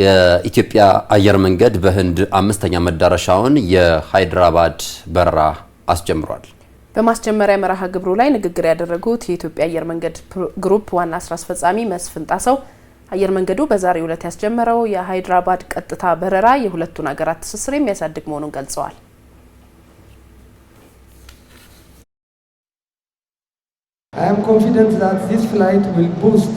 የኢትዮጵያ አየር መንገድ በህንድ አምስተኛ መዳረሻውን የሃይድራባድ በረራ አስጀምሯል። በማስጀመሪያ መርሃ ግብሩ ላይ ንግግር ያደረጉት የኢትዮጵያ አየር መንገድ ግሩፕ ዋና ስራ አስፈጻሚ መስፍን ጣሰው አየር መንገዱ በዛሬው ዕለት ያስጀመረው የሃይድራባድ ቀጥታ በረራ የሁለቱን ሀገራት ትስስር የሚያሳድግ መሆኑን ገልጸዋል። I am confident that this flight will boost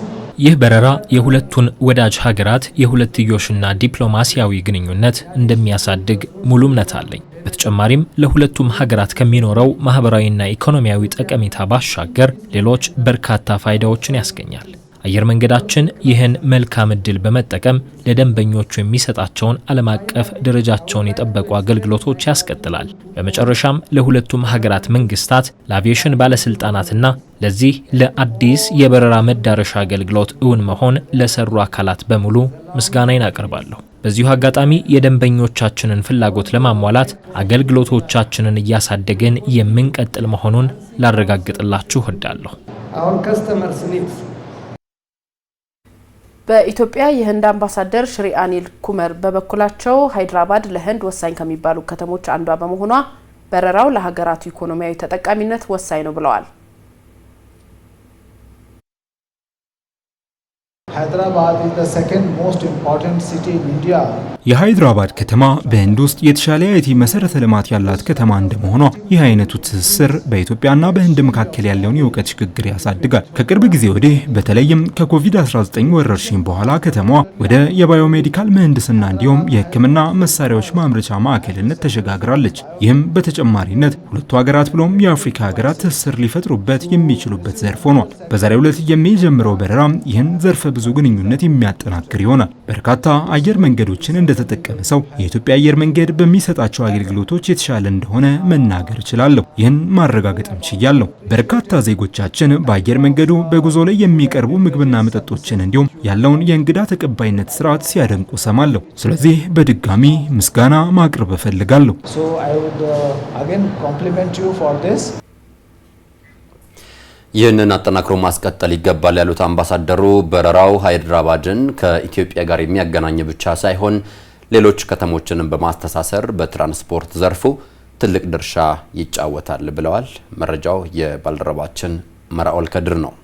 ይህ በረራ የሁለቱን ወዳጅ ሀገራት የሁለትዮሽና ዲፕሎማሲያዊ ግንኙነት እንደሚያሳድግ ሙሉ እምነት አለኝ። በተጨማሪም ለሁለቱም ሀገራት ከሚኖረው ማህበራዊና ኢኮኖሚያዊ ጠቀሜታ ባሻገር ሌሎች በርካታ ፋይዳዎችን ያስገኛል። አየር መንገዳችን ይህን መልካም እድል በመጠቀም ለደንበኞቹ የሚሰጣቸውን ዓለም አቀፍ ደረጃቸውን የጠበቁ አገልግሎቶች ያስቀጥላል። በመጨረሻም ለሁለቱም ሀገራት መንግስታት፣ ለአቪዬሽን ባለስልጣናትና ለዚህ ለአዲስ የበረራ መዳረሻ አገልግሎት እውን መሆን ለሰሩ አካላት በሙሉ ምስጋናዬን አቀርባለሁ። በዚሁ አጋጣሚ የደንበኞቻችንን ፍላጎት ለማሟላት አገልግሎቶቻችንን እያሳደግን የምንቀጥል መሆኑን ላረጋግጥላችሁ እወዳለሁ። አሁን በኢትዮጵያ የህንድ አምባሳደር ሽሪ አኒል ኩመር በበኩላቸው ሃይድራባድ ለህንድ ወሳኝ ከሚባሉ ከተሞች አንዷ በመሆኗ በረራው ለሀገራቱ ኢኮኖሚያዊ ተጠቃሚነት ወሳኝ ነው ብለዋል። የሃይድራባድ ከተማ በህንድ ውስጥ የተሻለ የአይቲ መሰረተ ልማት ያላት ከተማ እንደመሆኗ ይህ አይነቱ ትስስር በኢትዮጵያና በህንድ መካከል ያለውን የእውቀት ሽግግር ያሳድጋል። ከቅርብ ጊዜ ወዲህ በተለይም ከኮቪድ-19 ወረርሽኝ በኋላ ከተማዋ ወደ የባዮሜዲካል ምህንድስና እንዲሁም የህክምና መሳሪያዎች ማምረቻ ማዕከልነት ተሸጋግራለች። ይህም በተጨማሪነት ሁለቱ ሀገራት ብሎም የአፍሪካ ሀገራት ትስስር ሊፈጥሩበት የሚችሉበት ዘርፍ ሆኗል። በዛሬው ዕለት የሚጀምረው በረራም ይህን ዘርፈ ብዙ የጉዞ ግንኙነት የሚያጠናክር ይሆናል። በርካታ አየር መንገዶችን እንደተጠቀመ ሰው የኢትዮጵያ አየር መንገድ በሚሰጣቸው አገልግሎቶች የተሻለ እንደሆነ መናገር እችላለሁ። ይህን ማረጋገጥም ችያለሁ። በርካታ ዜጎቻችን በአየር መንገዱ በጉዞ ላይ የሚቀርቡ ምግብና መጠጦችን እንዲሁም ያለውን የእንግዳ ተቀባይነት ስርዓት ሲያደንቁ ሰማለሁ። ስለዚህ በድጋሚ ምስጋና ማቅረብ እፈልጋለሁ። ይህንን አጠናክሮ ማስቀጠል ይገባል ያሉት አምባሳደሩ በረራው ሃይድራባድን ከኢትዮጵያ ጋር የሚያገናኝ ብቻ ሳይሆን ሌሎች ከተሞችንም በማስተሳሰር በትራንስፖርት ዘርፉ ትልቅ ድርሻ ይጫወታል ብለዋል። መረጃው የባልደረባችን መራኦል ከድር ነው።